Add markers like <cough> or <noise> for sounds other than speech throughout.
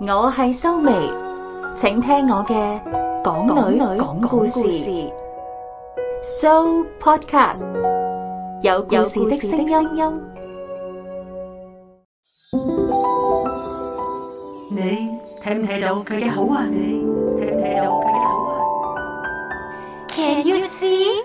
我係蘇媚，請聽我嘅港女講故事，So Podcast 有故事的聲音音，你睇唔睇到佢嘅好呀？你睇唔睇到佢嘅好呀？Can you see？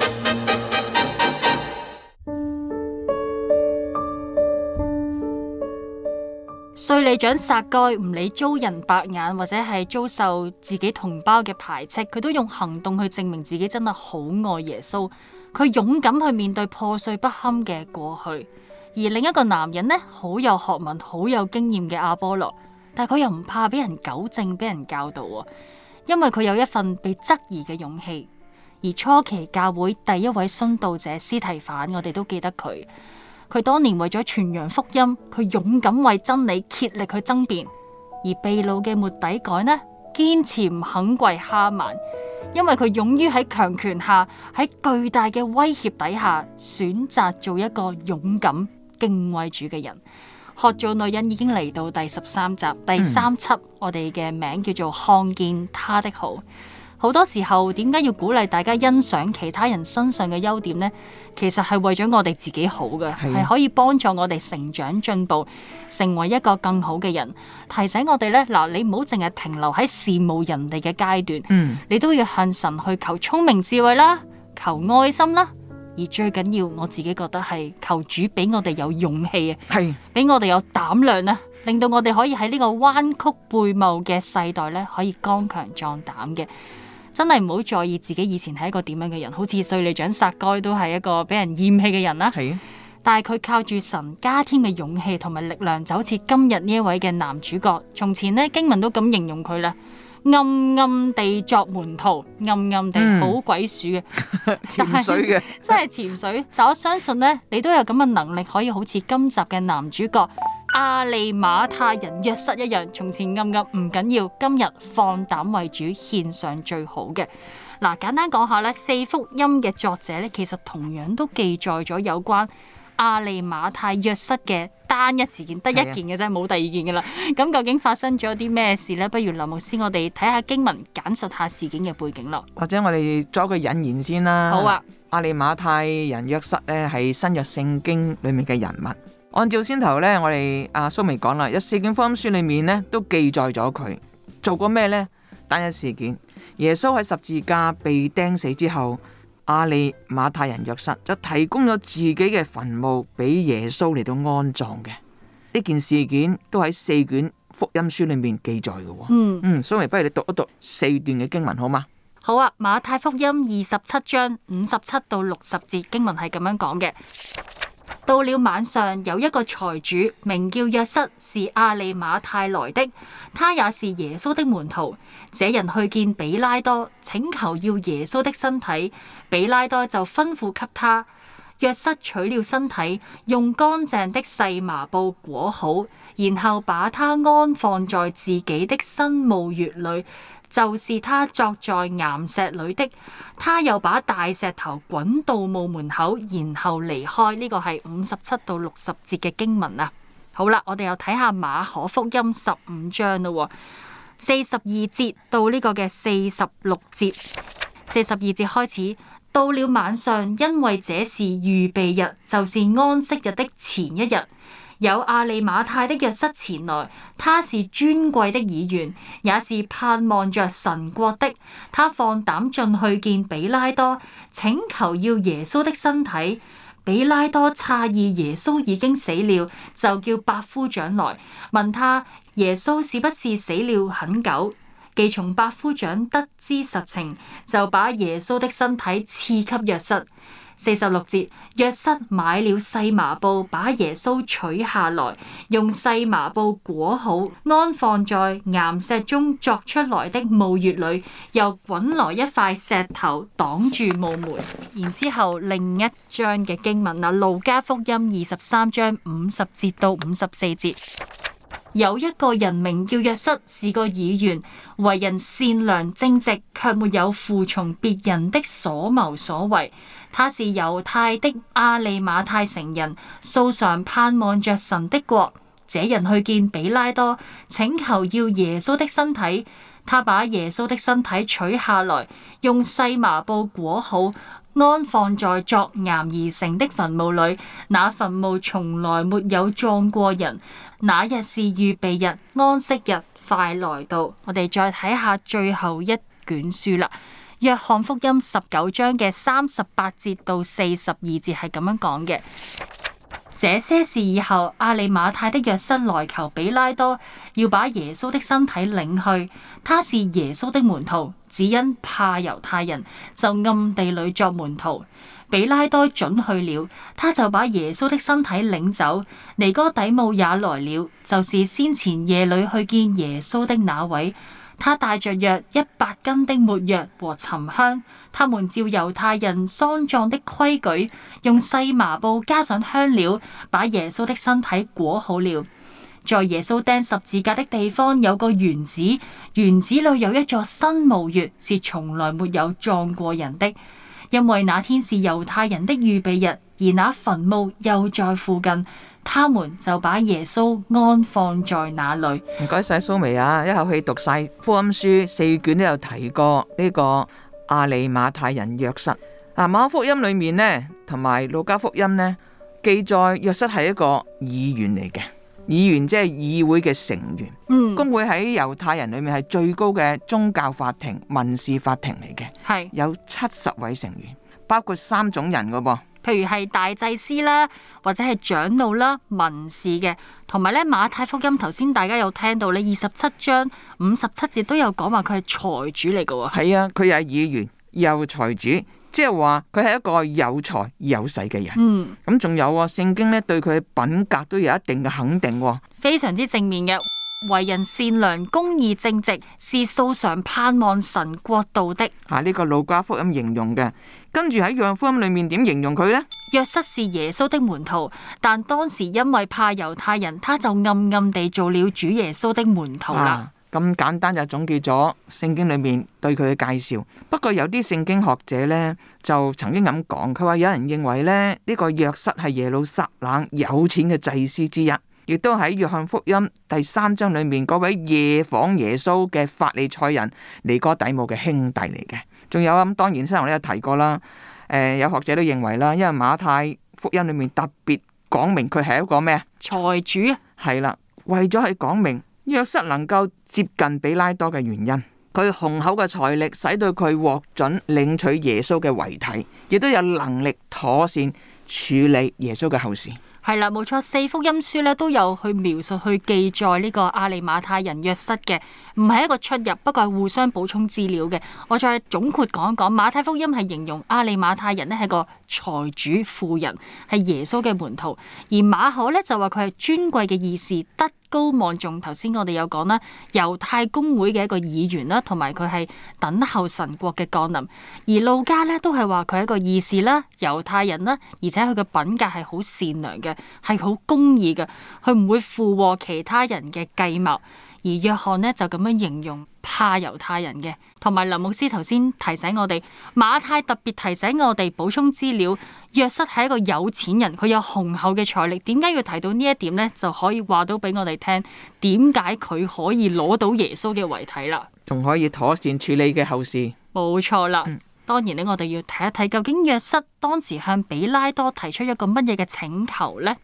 稅吏長撒該唔理遭人白眼或者係遭受自己同胞嘅排斥，佢都用行動去證明自己真係好愛耶穌。佢勇敢去面對破碎不堪嘅過去。而另一個男人呢，好有學問、好有經驗嘅亞波羅，但佢又唔怕俾人糾正、俾人教導，因為佢有一份被質疑嘅勇氣。而初期教會第一位殉道者司提反，我哋都記得佢。佢當年為咗傳揚福音，佢勇敢為真理竭力去爭辯；而被擄嘅末底改呢，堅持唔肯跪哈曼，因為佢勇於喺強權下，喺巨大嘅威脅底下，選擇做一個勇敢敬畏主嘅人。學做女人已經嚟到第十三集第三輯，嗯、我哋嘅名叫做看見他的好。好多時候，點解要鼓勵大家欣賞其他人身上嘅優點呢？其實係為咗我哋自己好嘅，係的可以幫助我哋成長進步，成為一個更好嘅人。提醒我哋咧，嗱，你唔好淨係停留喺羨慕人哋嘅階段，嗯，你都要向神去求聰明智慧啦，求愛心啦，而最緊要我自己覺得係求主俾我哋有勇氣啊，俾的我哋有膽量啦，令到我哋可以喺呢個彎曲悖謬嘅世代咧，可以剛強壯，壯膽嘅。真係唔好在意自己以前係一個點樣嘅人，好似稅吏長撒該都係一個俾人嫌棄嘅人啦。係啊，但係佢靠住神加添嘅勇氣同埋力量，就好似今日呢一位嘅男主角。從前呢經文都咁形容佢啦，暗暗地作門徒，暗暗地好鬼鼠嘅，潛水嘅的， <laughs> 真係潛水。但我相信呢，你都有咁嘅能力，可以好似今集嘅男主角。亞利馬太人約瑟一樣，從前暗暗唔緊要，今日放膽為主獻上最好嘅。嗱，簡單講下咧，四福音嘅作者咧，其實同樣都記載咗有關亞利馬太約瑟嘅單一事件，得一件嘅啫，冇第二件嘅啦。咁究竟發生咗啲咩事咧？不如林牧師，我哋睇下經文，簡述下事件嘅背景咯。或者我哋作一個引言先啦。好啊，亞利馬太人約瑟咧，係新約聖經裏面嘅人物。按照先頭咧，我哋阿蘇眉講啦，有、啊、四卷福音書裏面咧都記載咗佢做過咩呢？單一事件，耶穌喺十字架被釘死之後，亞利馬太人約瑟，就提供咗自己嘅墳墓俾耶穌嚟到安葬嘅。呢件事件都喺四卷福音書裏面記載嘅。嗯嗯，蘇眉、嗯、不如你讀一讀四段嘅經文好嗎？好啊，馬太福音二十七章五十七到六十節經文係咁樣講嘅。到了晚上，有一個財主名叫約瑟，是亞利馬太來的，他也是耶穌的門徒。這人去見彼拉多，請求要耶穌的身體。彼拉多就吩咐給他約瑟取了身體，用乾淨的細麻布裹好，然後把他安放在自己的新墓穴裏。就是他作在岩石裏的，他又把大石頭滾到墓門口，然後離開。呢個係五十七到六十節嘅經文啊。好啦，我哋又睇下馬可福音十五章咯，哦，四十二節到呢個嘅四十六節。四十二節開始，到了晚上，因為這是預備日，就是安息日的前一日。有亞利馬太的約瑟前來，他是尊貴的議員，也是盼望着神國的。他放膽進去見彼拉多，請求要耶穌的身體。彼拉多詫異耶穌已經死了，就叫百夫長來問他耶穌是不是死了很久。既從百夫長得知實情，就把耶穌的身體賜給約瑟。四十六節，約瑟買了細麻布，把耶穌取下來，用細麻布裹好，安放在岩石中鑿出來的墓穴裏，又滾來一塊石頭擋住墓門。然之後另一章嘅經文嗱，路加福音二十三章五十節到五十四節。有一個人名叫約瑟，是個議員，為人善良正直，卻沒有服從別人的所謀所為。他是猶太的亞利馬太城人，素常盼望着神的國。這人去見比拉多，請求要耶穌的身體。他把耶穌的身體取下來，用細麻布裹好。安放在鑿岩而成的墳墓裏，那墳墓從來沒有葬過人。那日是預備日、安息日，快來到。我哋再睇下最後一卷書啦，《約翰福音》十九章嘅三十八節到四十二節係咁樣講嘅。這些事以後，亞利馬太的約瑟來求比拉多，要把耶穌的身體領去，他是耶穌的門徒，只因怕猶太人，就暗地裏作門徒，比拉多準去了。他就把耶穌的身體領走。尼哥底母也來了，就是先前夜裏去見耶穌的那位。他帶著約一百斤的抹藥和沉香。他們照猶太人喪葬的規矩，用細麻布加上香料，把耶穌的身體裹好了。在耶穌釘十字架的地方有個園子，園子裏有一座新墓穴，是從來沒有葬過人的。因為那天是猶太人的預備日，而那墳墓又在附近，他們就把耶穌安放在那裏。唔該晒蘇媚啊，一口氣讀晒福音書四卷都有提過呢、呢個亞利馬太人約瑟。嗱、啊，馬可福音裏面呢，同埋路加福音呢，記載約瑟係一個議員嚟嘅。議員即係議會嘅成員，嗯、公會喺猶太人裏面係最高嘅宗教法庭、民事法庭嚟嘅，是有七十位成員，包括三種人噶噃，譬如係大祭司啦，或者係長老啦、民事嘅，同埋咧馬太福音頭先大家有聽到咧，二十七章五十七節都有講話佢係財主嚟噶，係啊，佢又係議員又財主。即係話佢係一個有才有勢嘅人，咁仲、嗯、有啊？聖經咧對佢品格都有一定嘅肯定，非常之正面嘅，為人善良、公義正直，是素常盼望神國度的。啊，呢、這個路加福音形容嘅，跟住喺約翰福音裏面點形容佢呢？約瑟是耶穌的門徒，但當時因為怕猶太人，他就暗暗地做了主耶穌的門徒啦。啊咁簡單就總結咗聖經裏面對佢嘅介紹。不過有啲聖經學者呢，就曾經咁講，佢話有人認為咧呢、呢個約瑟係耶路撒冷有錢嘅祭司之一，亦都喺約翰福音第三章裏面嗰位夜訪耶穌嘅法利賽人尼哥底母嘅兄弟嚟嘅。仲有咁當然先頭我有提過啦。有學者都認為啦，因為馬太福音裏面特別講明佢係一個咩啊財主啊，係啦，為咗係講明。約瑟能夠接近比拉多嘅原因，佢雄厚嘅財力使到佢獲准領取耶穌嘅遺體，亦都有能力妥善處理耶穌嘅後事。係啦，冇錯，四福音書咧都有去描述，去記載呢個亞利馬太人約瑟嘅。唔係一個出入，不過係互相補充資料嘅。我再總括講一講，馬太福音係形容亞利馬太人呢係個財主富人，係耶穌嘅門徒；而馬可咧就話佢係尊貴嘅義士，德高望重。頭先我哋有講啦，猶太公會嘅一個議員啦，同埋佢係等候神國嘅降臨。而路加咧都係話佢係一個義士啦，猶太人啦，而且佢嘅品格係好善良嘅，係好公義嘅，佢唔會附和其他人嘅計謀。而約翰呢，就咁樣形容怕猶太人嘅，同埋林牧師頭先提醒我哋，馬太特別提醒我哋補充資料，約瑟係一個有錢人，佢有雄厚嘅財力，點解要提到呢一點呢？就可以話到俾我哋聽，點解佢可以攞到耶穌嘅遺體啦，仲可以妥善處理嘅後事。冇錯啦，嗯、當然呢，我哋要睇一睇究竟約瑟當時向比拉多提出一個乜嘢嘅請求呢？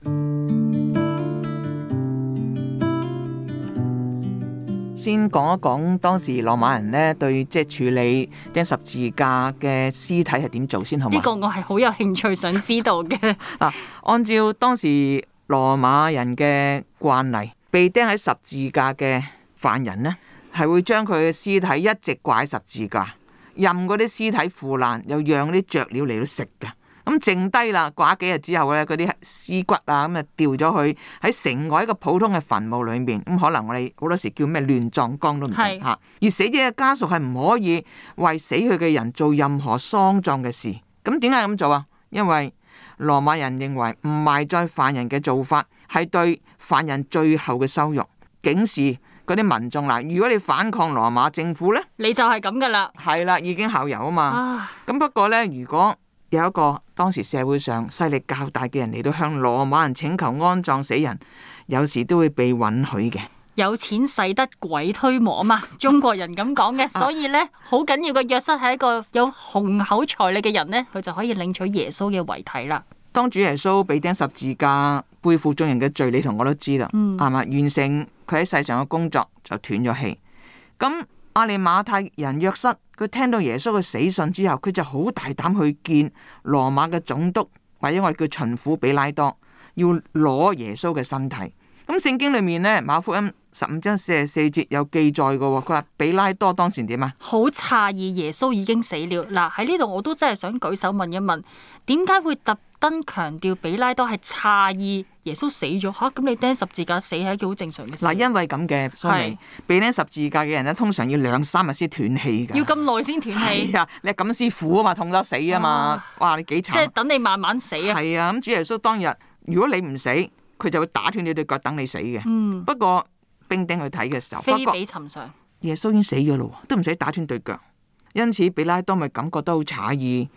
先講一講當時羅馬人咧對即係處理釘十字架嘅屍體係點做先好嘛？呢個我係好有興趣想知道嘅。嗱，按照當時羅馬人嘅慣例，被釘喺十字架嘅犯人呢，係會將佢嘅屍體一直掛喺十字架，任嗰啲屍體腐爛，又讓啲雀鳥嚟到食嘅。咁剩低啦，掛幾日之後咧，嗰啲屍骨啊，咁啊掉咗去喺城外一個普通嘅墳墓裏面。咁可能我哋好多時叫咩亂葬崗都唔啱嚇。是而死者嘅家屬係唔可以為死去嘅人做任何喪葬嘅事。咁點解咁做啊？因為羅馬人認為唔埋葬犯人嘅做法係對犯人最後嘅羞辱，警示嗰啲民眾嗱。如果你反抗羅馬政府咧，你就係咁噶啦。係啦，已經效尤啊嘛。咁唉不過咧，如果有一個當時社會上勢力較大嘅人嚟到向羅馬人請求安葬死人，有時都會被允許嘅。有錢使得鬼推磨啊嘛，中國人咁講嘅。所以呢，好緊要嘅約瑟係一個有雄厚財力嘅人呢，佢就可以領取耶穌嘅遺體啦。當主耶穌被釘十字架，背負眾人嘅罪，你同我都知啦，係嘛，嗯？完成佢喺世上嘅工作就斷咗氣。咁亞利馬太人約瑟。佢聽到耶穌嘅死訊之後，佢就好大膽去見羅馬嘅總督，或者我哋叫巡撫比拉多，要攞耶穌嘅身體。咁聖經裏面咧，馬可福音十五章四十四節有記載嘅喎。佢話比拉多當時點啊？好詫異，耶穌已經死了。嗱喺呢度我都真係想舉手問一問，點解會特登強調比拉多係詫異？耶穌死咗嚇，咁、啊、你釘十字架死係一件好正常嘅事。嗱，因為咁嘅，所以是被釘十字架嘅人咧，通常要兩三日先斷氣㗎。要咁耐先斷氣？係啊，你咁辛苦啊嘛，痛得死啊嘛，啊哇！你幾慘？即係等你慢慢死啊。係啊，咁主耶穌當日，如果你唔死，佢就會打斷你對腳等你死嘅。嗯、不過兵丁去睇嘅時候，非比尋常。耶穌已經死咗啦喎，都唔使打斷對腳。因此，彼拉多咪感覺都好詫異，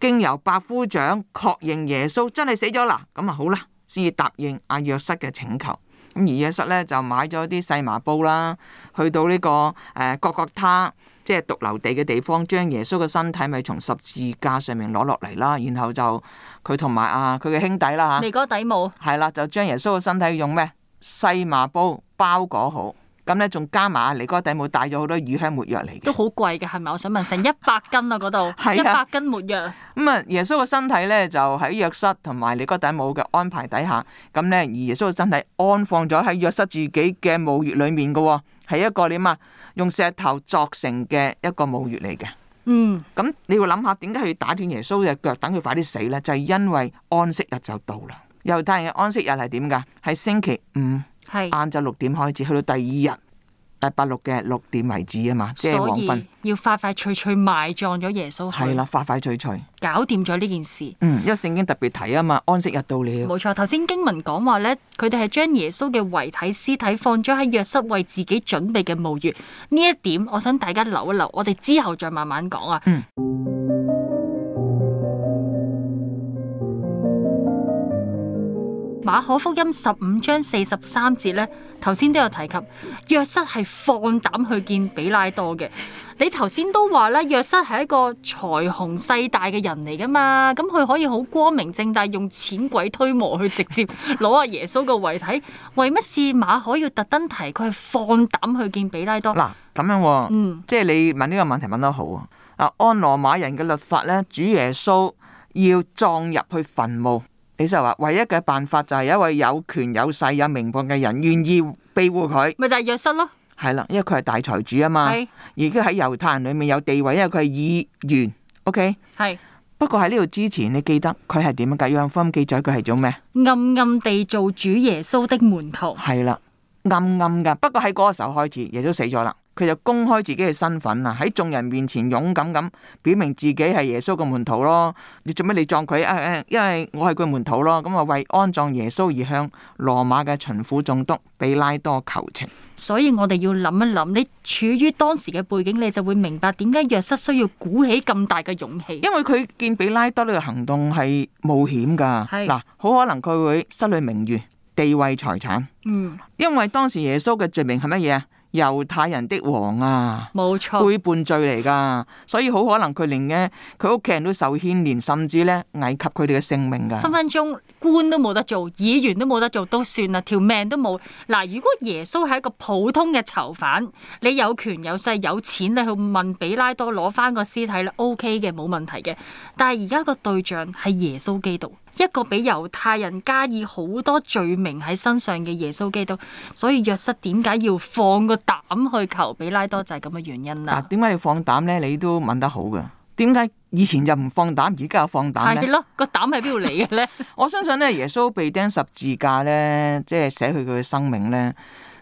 經由百夫長確認耶穌真係死咗啦，咁啊好啦。先至答應阿約瑟嘅請求，咁而約瑟咧就買咗啲細麻布啦，去到呢個誒各各他，即係髑髏地嘅地方，將耶穌嘅身體咪從十字架上面攞落嚟啦，然後就佢同埋啊佢嘅兄弟啦嚇，啊、尼哥底母，係啦，就將耶穌嘅身體用咩細麻布包裹好。咁咧仲加埋啊！尼哥底母帶咗好多乳香沒藥嚟嘅，都好貴嘅，係咪？我想問，成一百斤啊！嗰度一百斤沒藥。咁啊、嗯，耶穌嘅身體咧就喺約瑟同埋尼哥底母嘅安排底下，咁咧而耶穌嘅身體安放咗喺約瑟自己嘅墓穴裡面嘅，係一個你嘛用石頭作成嘅一個墓穴嚟嘅。嗯。咁、嗯、你要諗下，點解佢要打斷耶穌嘅腳，等佢快啲死咧？就係、是、因為安息日就到啦。猶太人嘅安息日係點㗎？係星期五。係晏晝六點開始，去到第二日禮拜六嘅六點為止啊嘛，以即係黃昏要快快脆脆埋葬咗耶穌，係啦，快快脆脆搞掂咗呢件事。嗯，因為聖經特別提啊嘛，安息日到了，冇錯。頭先經文講話咧，佢哋係將耶穌嘅遺體屍體放咗喺約瑟為自己準備嘅墓穴。呢一點，我想大家留一留，我哋之後再慢慢講啊。嗯。馬可福音十五章四十三節呢，頭先都有提及，約瑟係放膽去見彼拉多嘅。你頭先都話啦，約瑟係一個財雄勢大嘅人嚟噶嘛，咁佢可以好光明正大用錢鬼推磨去直接攞阿耶穌個遺體。 <laughs> 為乜事馬可要特登提佢係放膽去見彼拉多？嗱、啊，咁樣、啊，嗯，即係你問呢個問題問得好啊！按羅馬人嘅律法呢，主耶穌要葬入去墳墓。你就話：唯一嘅辦法就係一位有權有勢有名望嘅人願意庇護佢，咪就係約瑟咯。係啦，因為佢係大財主啊嘛，的而家喺猶太人裏面有地位，因為佢係議員。O K，係。不過喺呢度之前，你記得佢係點樣噶？約翰福音記載佢係做咩？暗暗地做主耶穌的門徒。係啦，暗暗噶。不過喺嗰個時候開始，耶穌死咗啦。佢就公開自己嘅身份啊！喺眾人面前勇敢咁表明自己係耶穌嘅門徒咯。你做咩你撞佢？誒、哎、誒，因為我係佢門徒咯。咁啊，為安葬耶穌而向羅馬嘅巡撫總督比拉多求情。所以我哋要諗一諗，你處於當時嘅背景，你就會明白點解約瑟需要鼓起咁大嘅勇氣。因為佢見比拉多呢個行動係冒險噶，嗱是，好可能佢會失去名譽、地位、財產。嗯，因為當時耶穌嘅罪名係乜嘢啊？猶太人的王啊，冇錯，背叛罪嚟㗎，所以好可能佢連咧佢屋企人都受牽連，甚至咧危及佢哋嘅性命㗎。分分鐘官都冇得做，議員都冇得做，都算啦，條命都冇。嗱，如果耶穌係一個普通嘅囚犯，你有權有勢有錢你去問比拉多攞翻個屍體咧，OK 嘅，冇問題嘅。但係而家個對象係耶穌基督。一個俾猶太人加以好多罪名喺身上嘅耶穌基督，所以約瑟點解要放個膽去求比拉多就係咁嘅原因啦。嗱、啊，點解你放膽呢？你都問得好㗎。點解以前就唔放膽，而家又放膽咧？係咯，個膽係邊度嚟嘅呢？呢 <laughs> 我相信呢，耶穌被釘十字架呢，即係捨去佢嘅生命呢。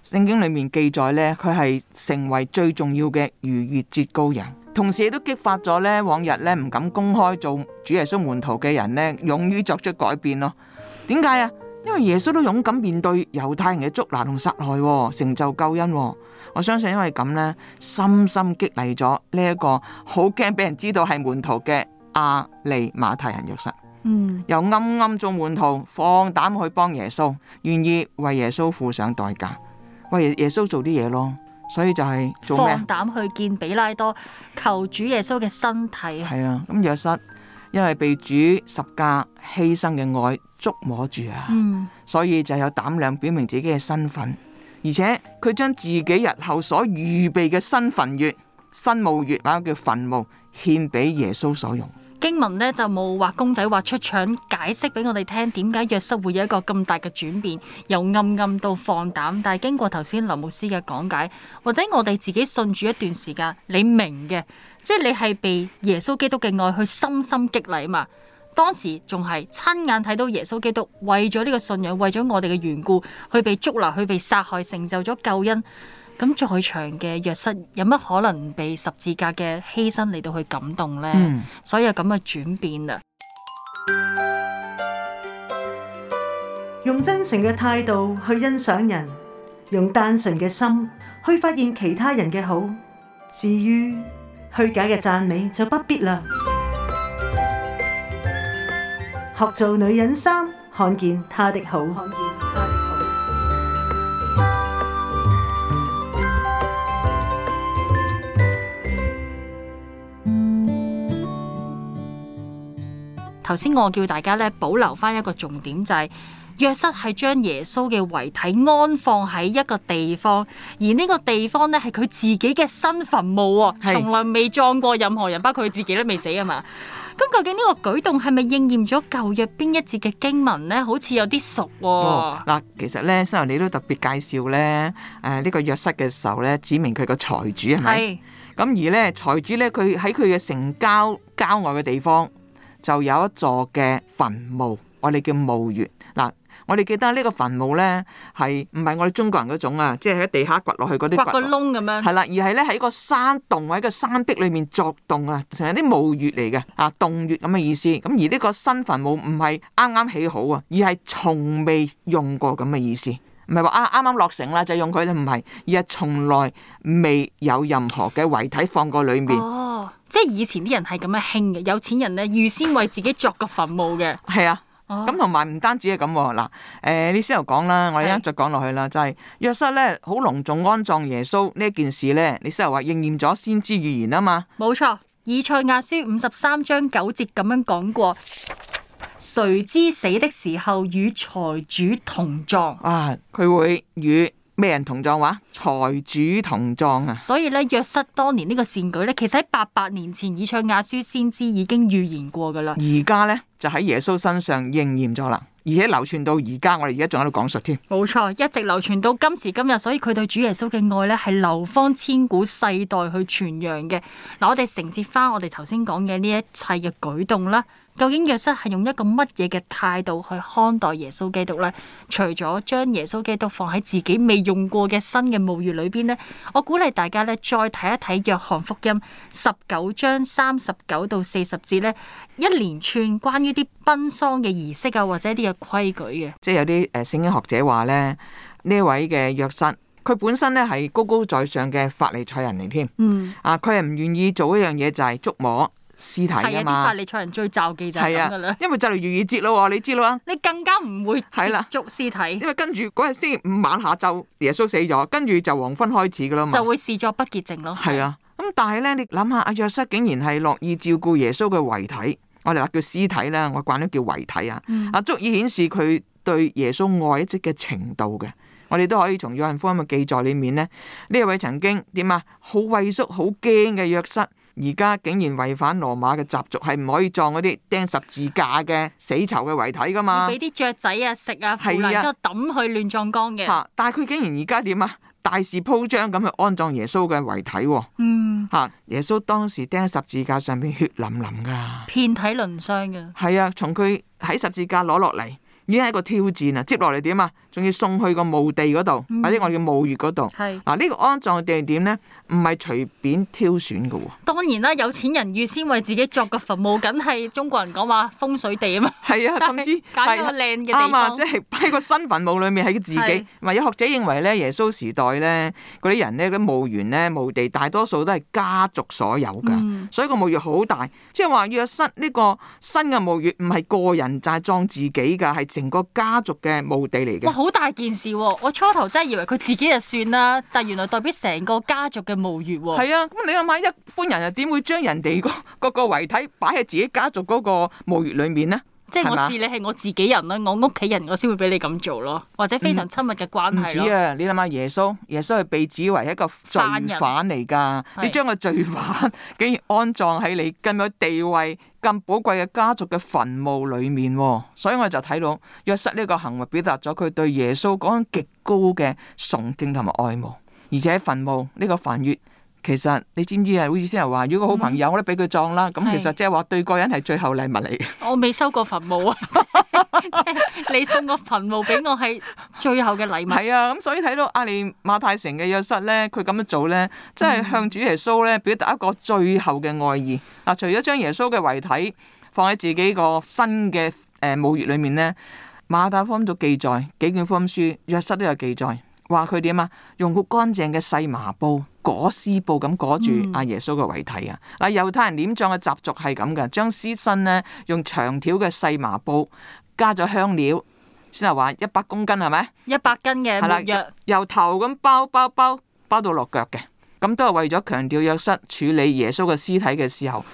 聖經裏面記載呢，佢係成為最重要嘅逾越節羔羊。同時都激發咗咧，往日咧唔敢公開做主耶穌門徒嘅人咧，勇於作出改變咯。點解啊？因為耶穌都勇敢面對猶太人嘅捉拿同殺害，成就救恩。我相信因為咁咧，深深激勵咗呢一個好驚俾人知道係門徒嘅亞利馬太人約瑟，又、嗯、由暗暗做門徒，放膽去幫耶穌，願意為耶穌付上代價，為耶穌做啲嘢咯。所以就係做咩？放膽去見彼拉多，求主耶穌嘅身體。係啊，咁約瑟因為被主十架犧牲嘅愛觸摸住啊，嗯、所以就有膽量表明自己嘅身份，而且佢將自己日後所預備嘅新墳穴，新墓穴啊，叫墳墓，獻俾耶穌所用。經文咧就冇畫公仔畫出腸，解釋俾我哋聽點解約瑟會有一個咁大嘅轉變，由暗暗到放膽。但係經過頭先林牧師嘅講解，或者我哋自己信住一段時間，你明嘅，即係你係被耶穌基督嘅愛去深深激勵嘛。當時仲係親眼睇到耶穌基督為咗呢個信仰，為咗我哋嘅緣故去被捉拿，去被殺害，成就咗救恩。咁在場嘅藥室有乜可能被十字架嘅犧牲嚟到去感動呢？嗯、所以有咁嘅轉變啦。用真誠嘅態度去欣賞人，用單純嘅心去發現其他人嘅好。至於虛假嘅讚美就不必啦。學做女人三，看見他的好。看見頭先我叫大家咧保留翻一個重點，就係、是、約瑟係將耶穌嘅遺體安放喺一個地方，而呢個地方咧係佢自己嘅新墳墓喎、哦，從是來未葬過任何人，包括佢自己都未死啊嘛。咁 <laughs> <laughs> 究竟呢個舉動係咪應驗咗舊約邊一節嘅經文咧？好似有啲熟喎、哦。嗱、哦，其實咧，先頭你都特別介紹咧，誒、呃、呢、這個約瑟嘅時候咧，指明佢個財主係咪？咁是而咧財主咧，佢喺佢嘅城郊郊外嘅地方。就有一座嘅墳墓，我哋叫墓穴。嗱，我哋記得呢個墳墓咧，係唔係我哋中國人嗰種啊？即係喺地下掘落去嗰啲掘個窿咁樣，係啦，而係咧喺個山洞或者個山壁裏面作洞啊，成係啲墓穴嚟嘅啊，洞穴咁嘅意思。咁而呢個新墳墓唔係啱啱起好啊，而係從未用過咁嘅意思，唔係話啊啱啱落成啦就用佢，唔係，而係從來未有任何嘅遺體放過裏面。哦。即係以前啲人係咁樣興嘅，有錢人咧預先為自己作個墳墓嘅。係啊，咁同埋唔單止係咁、啊，嗱、呃，誒，你先頭講啦，我哋一再講落去啦，啊、就係約瑟咧好隆重安葬耶穌呢一件事咧，你先頭話應驗咗先知預言啊嘛。冇錯，以賽亞書五十三章九節咁樣講過，誰知死的時候與財主同葬啊？佢會與。咩人同葬？話財主同葬啊！所以咧，約瑟當年呢個善舉咧，其實喺八百年前以賽亞書先知已經預言過噶啦。而家咧就喺耶穌身上應驗咗啦，而且流傳到而家，我哋而家仲喺度講述添。冇錯，一直流傳到今時今日，所以佢對主耶穌嘅愛咧係流芳千古、世代去傳揚嘅嗱。我哋承接翻我哋頭先講嘅呢一切嘅舉動啦。究竟約瑟係用一個乜嘢嘅態度去看待耶穌基督呢？除咗將耶穌基督放喺自己未用過嘅新嘅墓穴裏邊呢，我鼓勵大家咧再睇一睇《約翰福音》十九章三十九到四十節呢，一連串關於啲奔喪嘅儀式啊，或者啲嘅規矩嘅。即係有啲誒聖經學者話咧，呢位嘅約瑟，佢本身咧係高高在上嘅法利賽人嚟添。嗯。啊，佢係唔願意做一樣嘢就係觸摸。屍體啊嘛！啲法利賽人追詛記就係咁，因為就嚟逾越節咯，你知咯。你更加唔會接觸屍體。啊、因為跟住嗰日星期五晚下晝，耶穌死咗，跟住就黃昏開始噶啦嘛。就會視作不潔淨咯。係啊，咁但係咧，你諗下，阿約瑟竟然係樂意照顧耶穌嘅遺體，我哋話叫屍體啦，我慣咗叫遺體啊，啊、嗯、足以顯示佢對耶穌愛錫嘅程度嘅。我哋都可以從約翰福音嘅記載裏面咧，呢位曾經點啊，好畏縮、好驚嘅約瑟。而家竟然違反羅馬嘅習俗，係唔可以葬嗰啲釘十字架嘅死囚嘅遺體噶嘛？會俾啲雀仔啊食啊，腐爛之後抌去亂葬崗嘅。嚇、啊！但係佢竟然而家點啊？大肆鋪張咁去安葬耶穌嘅遺體、啊。嗯。嚇、啊！耶穌當時釘十字架上邊血淋淋噶。遍體鱗傷嘅。係啊，從佢喺十字架攞落嚟已經係一個挑戰啊！接落嚟點啊？仲要送去個墓地嗰度，或者我哋嘅墓穴嗰度。係嗱呢個安葬嘅地點咧，唔係隨便挑選嘅喎。當然啦，有錢人預先為自己作個墳墓，梗係中國人講話風水地啊嘛。係啊、嗯，是甚至係個靚嘅地方。啱即係擺個新墳墓裏面係佢自己。唔係有學者認為咧，耶穌時代咧嗰啲人咧，嗰墓園咧、墓地大多數都係家族所有㗎，嗯、所以個墓穴好大。即係話約瑟呢、呢個新嘅墓穴唔係個人就係葬自己㗎，係成個家族嘅墓地嚟嘅。好大件事喎、啊！我初頭真係以為佢自己就算啦，但原來代表成個家族嘅墓穴喎。係啊，咁、啊、你諗下一,一般人又點會將人哋、那個個遺體擺喺自己家族嗰個墓穴裏面呢？即係我視你係我自己人啦，吧我屋企人我先會俾你咁做咯，或者非常親密嘅關係。嗯、唔止啊，你諗下耶穌，耶穌係被指為一個罪犯嚟噶，人你將個罪犯竟然，安葬喺你咁有地位、咁寶貴嘅家族嘅墳墓裏面，所以我就睇到約瑟呢個行為表達咗佢對耶穌講極高嘅崇敬同埋愛慕，而且墳墓呢、這個墳月。其實你知唔知啊？好似先人話，如果好朋友咧俾佢葬啦，咁其實即係話對個人係最後禮物嚟。我未收過墳墓啊！即係你送個墳墓俾我係最後嘅禮物。係啊，咁所以睇到亞利馬太城嘅約瑟咧，佢咁樣做咧，即係向主耶穌咧表達一個最後嘅愛意啊。除咗將耶穌嘅遺體放喺自己個新嘅誒墓穴裏面咧，馬太福音都記載，幾卷福音書約瑟都有記載，話佢點啊？用個乾淨嘅細麻布。裹屍布咁裹住阿耶穌嘅遺體啊！嗱，猶太人殮葬嘅習俗係咁嘅，將屍身呢，用長條嘅細麻布加咗香料，先係話一百公斤係咪？一百斤嘅藥由頭咁包包包包，包到落腳嘅，咁都係為咗強調約瑟處理耶穌嘅屍體嘅時候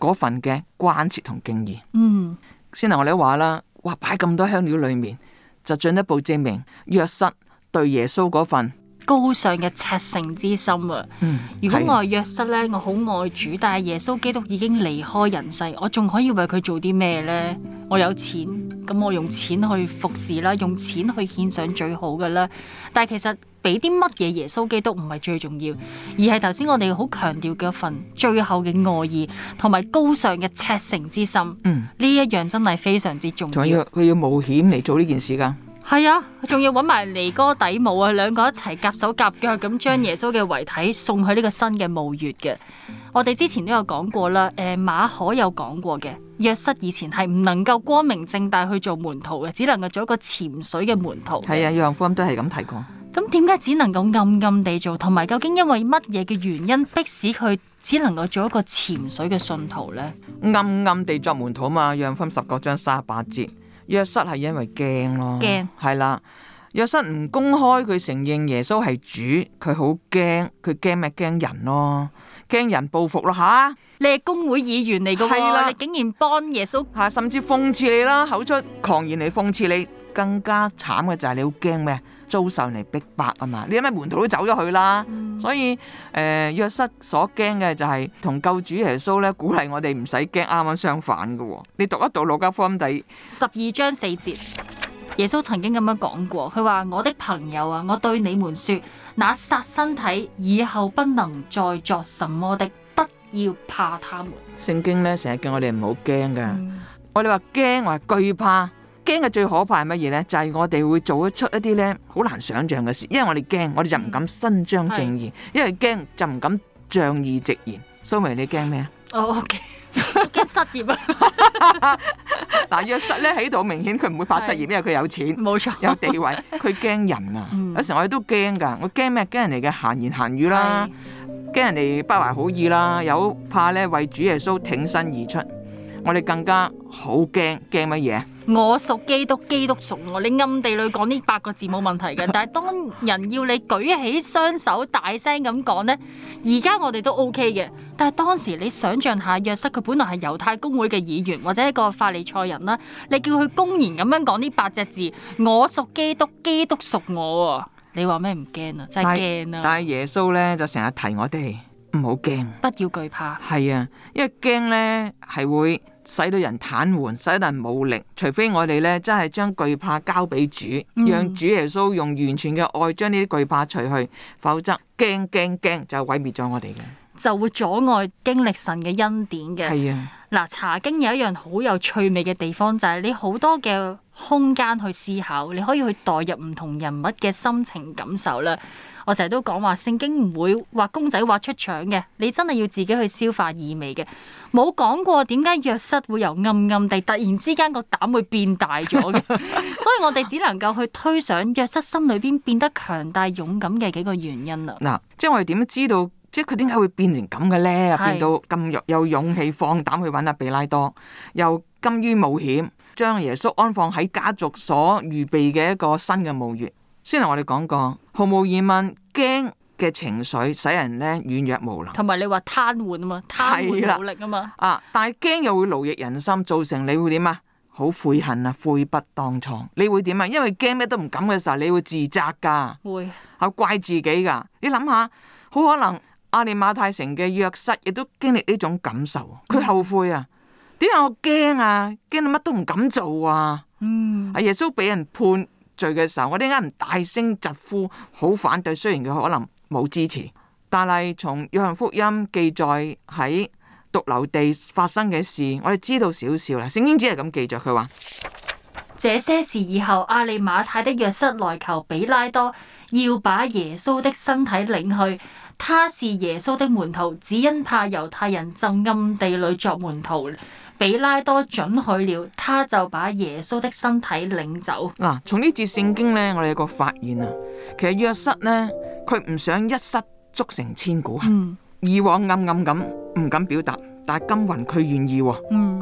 嗰份嘅關切同敬意。嗯， <noise> 先頭我哋都話啦，哇，擺咁多香料裏面，就進一步證明約瑟對耶穌嗰份。高尚嘅赤誠之心啊！嗯、如果我係約瑟咧，我好愛主，但係耶穌基督已經離開人世，我仲可以為佢做啲咩咧？我有錢，咁我用錢去服侍啦，用錢去獻上最好嘅啦。但係其實俾啲乜嘢耶穌基督唔係最重要，而係頭先我哋好強調嘅一份最後嘅愛意同埋高尚嘅赤誠之心。呢、嗯、一樣真係非常之重要。仲要佢要冒險嚟做呢件事噶？係啊，仲要搵埋尼哥底母啊，兩個一齊夾手夾腳咁將耶穌嘅遺體送去呢個新嘅墓穴嘅。嗯、我哋之前都有講過啦，誒、呃、馬可有講過嘅，約瑟以前係唔能夠光明正大去做門徒嘅，只能夠做一個潛水嘅門徒。係啊，約翰都係咁提過。咁點解只能夠暗暗地做？同埋究竟因為乜嘢嘅原因迫使佢只能夠做一個潛水嘅信徒呢？暗暗地作門徒啊嘛，約翰十九章三十八節。約瑟係因為驚咯，驚，係啦，約瑟唔公開佢承認耶穌係主，佢好驚，佢驚咩？驚人咯，驚人報復咯，吓、啊！你係公會議員嚟噶係啦，你竟然幫耶穌吓，甚至諷刺你啦，口出狂言嚟諷刺你，更加慘嘅就係你好驚咩？遭受嚟逼迫啊嘛，你有咩門徒都走咗去啦，嗯、所以誒約瑟所驚嘅就係、是、同救主耶穌咧鼓勵我哋唔使驚，啱啱相反嘅喎。你讀一讀《路加福音》第十二章四節，耶穌曾經咁樣講過，佢話：我的朋友啊，我對你們説，那殺身體以後不能再作什麼的，不要怕他們。聖、嗯、經咧成日叫我哋唔好驚嘅，嗯、我哋話驚，我係懼怕。驚嘅最可怕係乜嘢咧？就係我哋會做得出一啲咧好難想象嘅事，因為我哋驚，我哋就唔敢伸張正義，因為驚就唔敢仗義直言。蘇媚，你驚咩啊？我驚失業啊！嗱，約瑟咧喺度，明顯佢唔會發失業，因為佢有錢，冇錯，有地位。佢驚人啊！有時我哋都驚噶，我驚咩？驚人哋嘅閒言閒語啦，驚人哋不懷好意啦，有怕咧為主耶穌挺身而出。我哋更加好驚，驚乜嘢？我屬基督，基督屬我。你暗地裏講呢八個字冇問題嘅，但係當人要你舉起雙手大聲咁講咧，而家我哋都 OK 嘅。但係當時你想象下，約瑟佢本來係猶太公會嘅議員或者一個法利賽人啦，你叫佢公然咁樣講呢八隻字，我屬基督，基督屬我啊！你話咩唔驚啊？真係驚啊！但係耶穌咧就成日提我哋唔好驚，不要懼怕。係啊，因為驚咧係會使到人癱瘓，使得人冇力，除非我哋咧真係將懼怕交俾主，讓主耶穌用完全嘅愛將呢啲懼怕除去，否則驚驚驚就毀滅咗我哋嘅。就會阻礙經歷神嘅恩典嘅。係啊的，嗱，查經有一樣好有趣味嘅地方就係、是、你好多嘅空間去思考，你可以去代入唔同人物嘅心情感受啦。我成日都講話聖經唔會畫公仔畫出腸嘅，你真係要自己去消化意味嘅。冇講過點解約瑟會由暗暗地突然之間個膽會變大咗嘅， <laughs> 所以我哋只能夠去推想約瑟心裏邊變得強大勇敢嘅幾個原因啦。嗱，即係我哋點樣知道？即係佢點解會變成咁嘅咧？變到咁有勇氣放膽去揾阿比拉多，又甘於冒險，將耶穌安放喺家族所預備嘅一個新嘅墓穴。先同我哋講過，毫無疑問，驚嘅情緒使人咧軟弱無能，同埋你話癱瘓啊嘛，癱瘓無力啊嘛。啊，但係驚又會勞役人心，造成你會點啊？好悔恨啊，悔不當初。你會點啊？因為驚咩都唔敢嘅時候，你會自責噶，會啊，怪自己噶。你諗下，好可能。亞利馬太城嘅約瑟亦都經歷呢種感受，佢後悔啊！點解我驚啊？驚到乜都唔敢做啊！阿、嗯、耶穌俾人判罪嘅時候，我點解唔大聲疾呼，好反對？雖然佢可能冇支持，但係從約翰福音記載喺髑髏地發生嘅事，我哋知道少少啦。聖經只係咁記着，佢話：「這些事以後，亞利馬太的約瑟來求比拉多，要把耶穌的身體領去。他是耶穌的門徒，只因怕猶太人就暗地裏作門徒。比拉多准許了，他就把耶穌的身體領走。嗱，從呢節聖經呢，我哋有個發現啊。其實約瑟呢，佢唔想一失足成千古恨，嗯、以往暗暗咁唔敢表達，但係今魂佢願意，佢、嗯、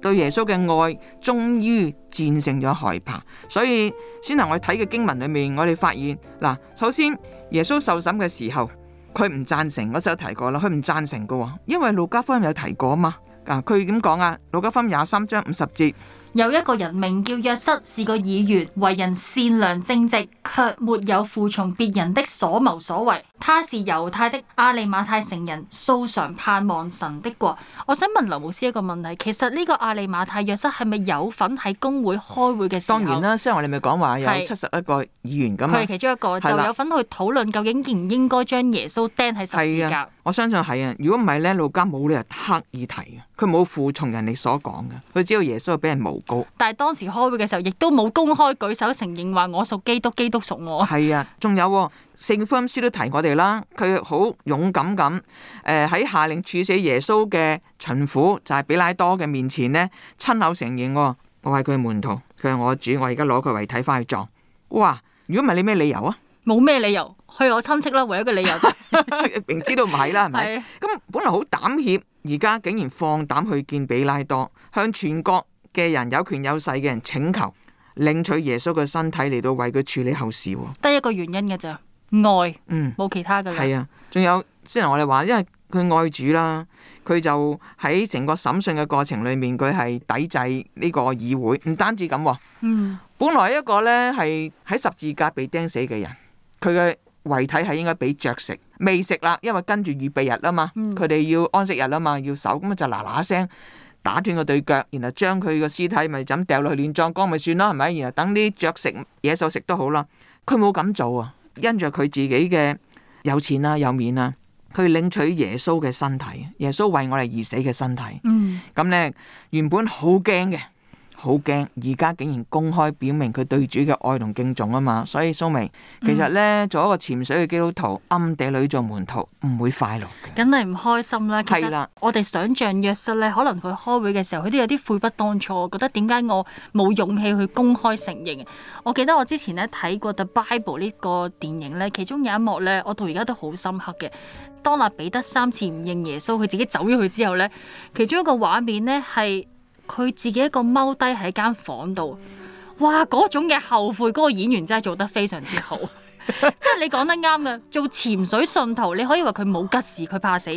對耶穌嘅愛終於戰勝咗害怕，所以先頭我睇嘅經文裏面，我哋發現嗱，首先耶穌受審嘅時候。佢唔贊成，我嗰時有提過啦。佢唔贊成嘅喎，因為路加福音有提過啊嘛。啊，佢點講啊？路加福音廿三章五十節。有一個人名叫約瑟，是個議員，為人善良正直，卻沒有服從別人的所謀所為。他是猶太的亞利馬太城人，素常盼望神的國。我想問劉牧師一個問題：其實呢個亞利馬太約瑟係咪有份喺公會開會嘅時候？當然啦，雖然我哋咪講話有七十一個議員噶嘛，佢係其中一個，就有份去討論究竟應唔應該將耶穌釘喺十字架。我相信係啊，如果唔係咧，路加冇理由刻意提嘅，佢冇服從人哋所講嘅，佢知道耶穌被人誣告。但係當時開會嘅時候，亦都冇公開舉手承認話我屬基督，基督屬我。係啊，仲有、哦、四福音書都提我哋啦，佢好勇敢咁，誒喺下令處死耶穌嘅巡撫就係、是、比拉多嘅面前呢，親口承認、哦、我係佢門徒，佢係我主，我而家攞佢遺體翻去葬。哇！如果唔係你咩理由啊？冇咩理由。佢係我親戚啦，唯一嘅理由就 <laughs> <laughs> 明知道唔係啦，係咪 <laughs> 是？咁本來好膽怯，而家竟然放膽去見彼拉多，向全國嘅人、有權有勢嘅人請求領取耶穌嘅身體嚟到為佢處理後事喎。得一個原因嘅咋，愛。嗯，冇其他嘅啦。係啊，仲有雖然我哋話，因為佢愛主啦，佢就喺成個審訊嘅過程裡面，佢係抵制呢個議會，唔單止咁。嗯，本來一個呢係喺十字架被釘死嘅人，佢嘅。遺體係應該俾雀食，未食啦，因為跟住預備日啦嘛，佢哋、嗯、要安息日啦嘛，要守咁咪就嗱嗱聲打斷個對腳，然後將佢個屍體咪就咁掉落去亂葬崗咪算啦，係咪？然後等啲雀食野獸食都好啦。佢冇咁做啊，因住佢自己嘅有錢啦、啊，有面啦、啊，佢領取耶穌嘅身體，耶穌為我哋而死嘅身體。嗯，咁呢原本好驚嘅。好驚，而家竟然公開表明佢對主嘅愛同敬重啊嘛！所以蘇媚，其實咧做一個潛水嘅基督徒，暗地裏做門徒唔會快樂嘅，梗係唔開心啦。係啦，我哋想象約瑟咧，可能佢開會嘅時候，佢都有啲悔不當初，我覺得點解我冇勇氣去公開承認？我記得我之前咧睇過 The Bible 呢個電影咧，其中有一幕咧，我到而家都好深刻嘅。當亞彼得三次唔認耶穌，佢自己走咗去之後咧，其中一個畫面咧係。佢自己一個踎低喺間房度，哇！嗰種嘅後悔，嗰個演員真係做得非常之好。 <laughs> <laughs> 即係你講得啱嘅，做潛水信徒，你可以話佢冇吉時，佢怕死，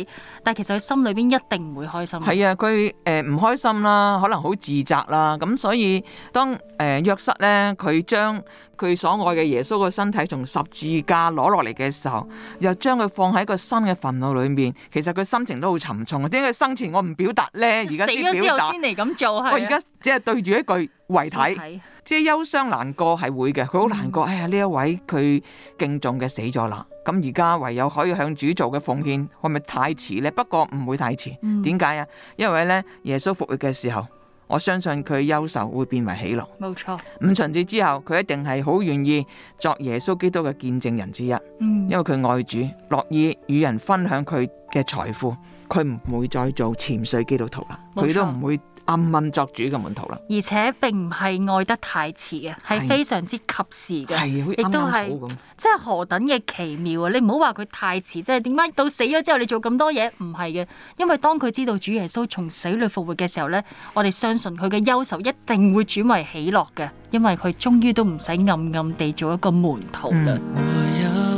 但係其實佢心裏邊一定唔會開心。係 <laughs> 啊，佢誒唔開心啦，可能好自責啦，咁所以當誒、呃、約瑟咧，佢將佢所愛嘅耶穌個身體從十字架攞落嚟嘅時候，嗯、又將佢放喺個新嘅墳墓裏面，其實佢心情都好沉重。點解佢生前我唔表達咧？而家 <laughs> 死咗之後先嚟咁做係啊？而家即係對住一句遺體。 <laughs> <laughs> 即係憂傷難過係會嘅，佢好難過。嗯、哎呀，呢一位佢敬重嘅死咗啦，咁而家唯有可以向主做嘅奉獻，係咪太遲呢？不過唔會太遲。點解啊？因為咧，耶穌復活嘅時候，我相信佢憂愁會變為喜樂。冇錯。五旬節之後，佢一定係好願意作耶穌基督嘅見證人之一。嗯、因為佢愛主，樂意與人分享佢嘅財富，佢唔會再做潛水基督徒啦，佢都唔會，暗暗作主嘅門徒啦，而且並唔係愛得太遲嘅，係是非常之及時嘅，亦都係即係何等嘅奇妙啊！你唔好話佢太遲，即係點解到死咗之後你做咁多嘢唔係嘅？因為當佢知道主耶穌從死裏復活嘅時候呢，我哋相信佢嘅憂愁一定會轉為喜樂嘅，因為佢終於都唔使暗暗地做一個門徒啦。嗯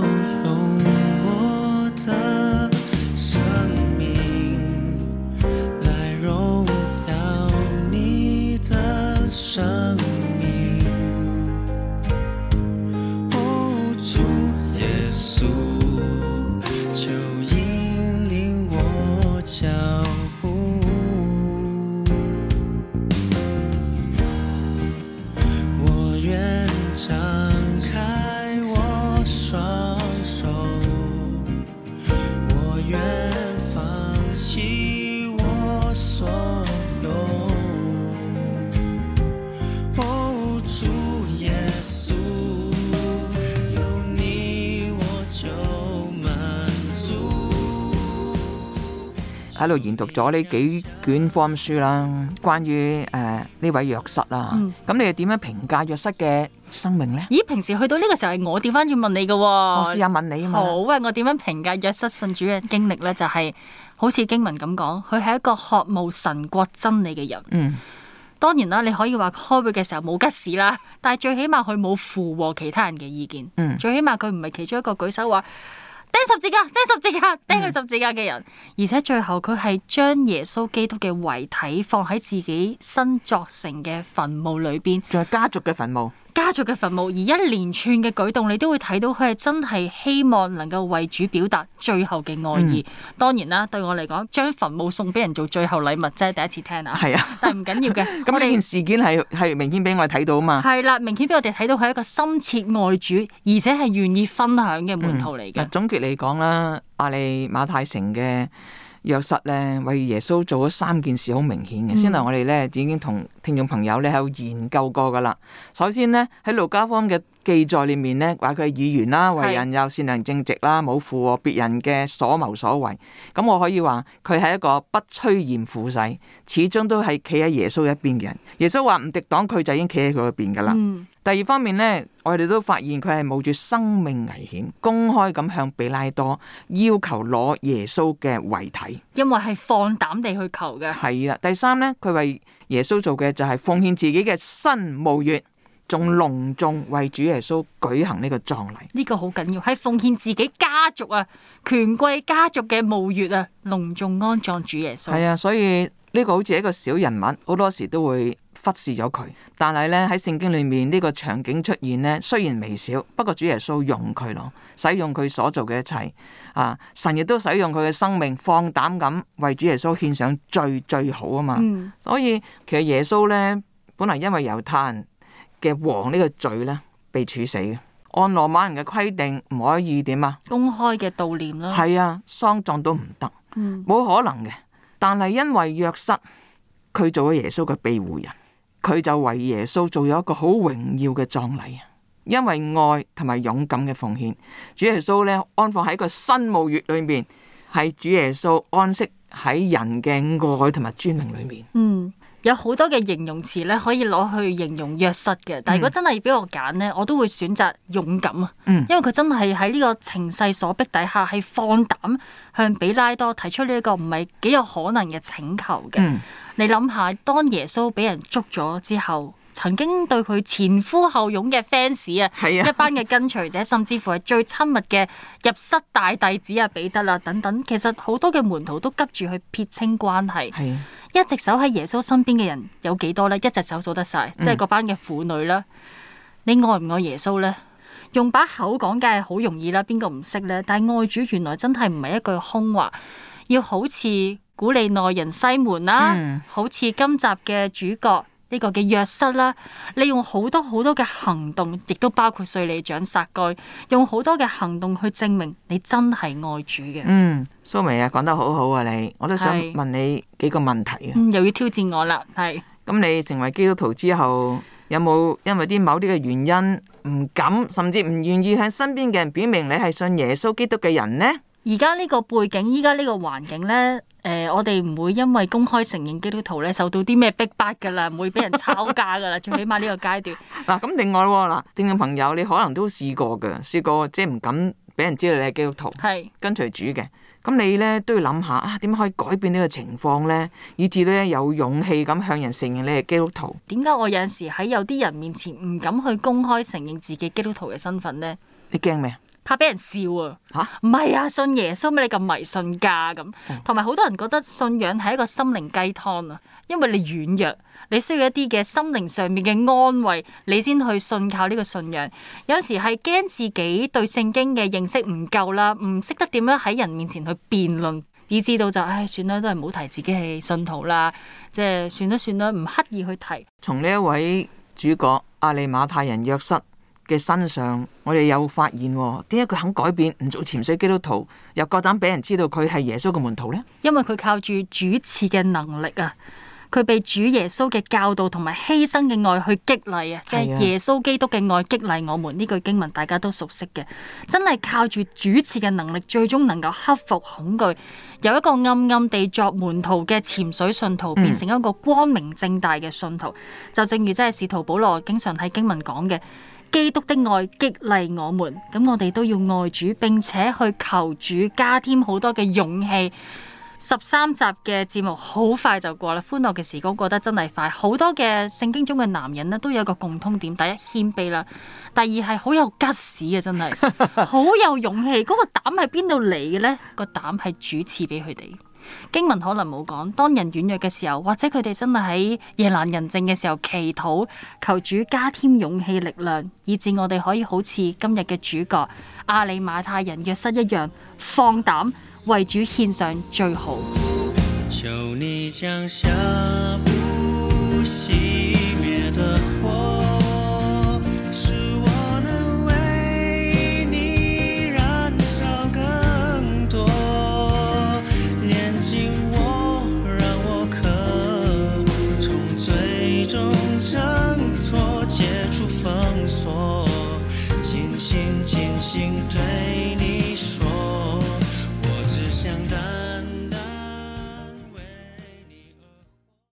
喺度研讀咗呢幾卷福音書啦，關於誒呢位約瑟啦、啊，咁、嗯、你哋點樣評價約瑟嘅生命咧？咦，平時去到呢個時候係我調翻轉問你嘅、啊啊，我試下問你啊嘛。好，喂，我點樣評價約瑟信主嘅經歷咧？就係、是、好似經文咁講，佢係一個渴慕神國真理嘅人。嗯，當然啦，你可以話開會嘅時候冇吉事啦，但係最起碼佢冇附和其他人嘅意見。嗯，最起碼佢唔係其中一個舉手話。釘十字架，釘十字架，釘佢十字架嘅人，而且最後佢係將耶穌基督嘅遺體放喺自己新作成嘅墳墓裏邊，仲有家族嘅墳墓。家族嘅墳墓，而一連串嘅舉動，你都會睇到佢係真係希望能夠為主表達最後嘅愛意。嗯、當然啦，對我嚟講，將墳墓送俾人做最後禮物，即係第一次聽啊！係啊，但係唔緊要嘅。咁呢件事件係係明顯俾我哋睇到啊嘛！係啦，明顯俾我哋睇到佢係一個深切愛主，而且係願意分享嘅門徒嚟嘅、嗯。總結嚟講啦，亞利馬太成嘅。約瑟咧，為耶穌做咗三件事，好明顯嘅。嗯、先嚟我哋咧，已經同聽眾朋友咧有研究過噶啦。首先咧喺路加福音嘅記載裏面咧，話佢係議員啦，為人又善良正直啦，冇是附和別人嘅所謀所為。咁我可以話佢係一個不趨炎附勢，始終都係企喺耶穌一邊嘅人。耶穌話唔敵黨，佢就已經企喺佢嗰邊噶啦。嗯第二方面呢，我哋都發現佢係冒住生命危險，公開咁向比拉多要求攞耶穌嘅遺體，因為係放膽地去求嘅。係啊，第三呢，佢為耶穌做嘅就係奉獻自己嘅新墓穴，仲隆重為主耶穌舉行呢個葬禮。呢個好緊要，係奉獻自己家族啊、權貴家族嘅墓穴啊，隆重安葬主耶穌。係啊，所以呢個好似一個小人物，好多時都會，忽視咗佢，但係咧喺聖經裏面呢、呢個場景出現呢，雖然微小，不過主耶穌用佢咯，使用佢所做嘅一切啊！神亦都使用佢嘅生命，放膽咁為主耶穌獻上最最好啊嘛！嗯、所以其實耶穌呢，本來因為猶太人嘅王呢個罪呢，被處死嘅。按羅馬人嘅規定，唔可以點啊？公開嘅悼念咯，係啊，喪葬都唔得，冇、嗯、可能嘅。但係因為約瑟，佢做咗耶穌嘅庇護人。佢就為耶穌做咗一個好榮耀嘅葬禮，因為愛同埋勇敢嘅奉獻，主耶穌呢安放喺一個新墓穴裏面，係主耶穌安息喺人嘅愛同埋尊榮裏面。嗯。有好多嘅形容詞咧，可以攞去形容約瑟嘅。但係如果真係俾我揀咧，嗯、我都會選擇勇敢啊！因為佢真係喺呢個情勢所逼底下，係放膽向比拉多提出呢一個唔係幾有可能嘅請求嘅。嗯、你諗下，當耶穌俾人捉咗之後。曾經對佢前呼後擁嘅 fans 是啊，一班嘅跟隨者，甚至乎係最親密嘅入室大弟子啊，彼得啦等等，其實好多嘅門徒都急住去撇清關係是、啊。一直守喺耶穌身邊嘅人有幾多呢？一隻手數得晒，即係嗰班嘅婦女啦。嗯、你愛唔愛耶穌呢？用把口講，梗係好容易啦。邊個唔識呢？但係愛主，原來真係唔係一句空話，要好似古利奈人西門啦，嗯、好似今集嘅主角。呢個嘅約瑟啦，你用好多好多嘅行動，亦都包括稅吏長撒該，用好多嘅行動去證明你真係愛主嘅。嗯，蘇媚啊，講得好好啊，你，我都想問你幾個問題啊。嗯、又要挑戰我啦，係。咁你成為基督徒之後，有冇因為啲某啲嘅原因唔敢，甚至唔願意向身邊嘅人表明你係信耶穌基督嘅人呢？而家呢個背景，而家呢個環境呢，誒、呃，我哋唔會因為公開承認基督徒咧受到啲咩逼迫㗎啦，唔會俾人抄家㗎啦， <laughs> 最起碼呢個階段。嗱、啊，咁另外喎，嗱，聽眾朋友，你可能都試過㗎，試過即係唔敢俾人知道你係基督徒，係是跟隨主嘅。咁你呢都要諗下啊，點樣可以改變呢個情況呢，以至呢有勇氣咁向人承認你係基督徒？點解我有陣時喺有啲人面前唔敢去公開承認自己基督徒嘅身份呢？你驚咩？怕俾人笑啊！嚇，唔係啊，信耶穌咩？你咁迷信㗎咁，同埋好多人覺得信仰係一個心靈雞湯啊，因為你軟弱，你需要一啲嘅心靈上面嘅安慰，你先去信靠呢個信仰。有時係驚自己對聖經嘅認識唔夠啦，唔識得點樣喺人面前去辯論，以至到就唉，算啦，都係唔好提自己係信徒啦，即係算啦算啦，唔刻意去提。從呢一位主角亞利馬太人約瑟嘅身上，我哋有發現點解佢肯改變，唔做潛水基督徒，又夠膽俾人知道佢係耶穌嘅門徒咧？因為佢靠住主賜嘅能力啊，佢被主耶穌嘅教導同埋犧牲嘅愛去激勵啊，即係耶穌基督嘅愛激勵我們呢句經文，大家都熟悉嘅。真係靠住主賜嘅能力，最終能夠克服恐懼，由一個暗暗地作門徒嘅潛水信徒，變成一個光明正大嘅信徒。嗯、就正如真係使徒保羅經常喺經文講嘅。基督的愛激勵我們，咁我哋都要愛主，並且去求主加添好多嘅勇氣。十三集嘅節目好快就過啦，歡樂嘅時光過得真係快。好多嘅聖經中嘅男人咧，都有一個共通點：第一謙卑啦，第二係好有吉士嘅，真係好 <laughs> 有勇氣。嗰、嗰個膽喺邊度嚟嘅呢？嗰個膽係主賜俾佢哋。經文可能冇講，當人軟弱嘅時候，或者佢哋真係喺夜闌人靜嘅時候祈禱，求主加添勇氣力量，以致我哋可以好似今日嘅主角亞利馬太人約瑟一樣，放膽為主獻上最好。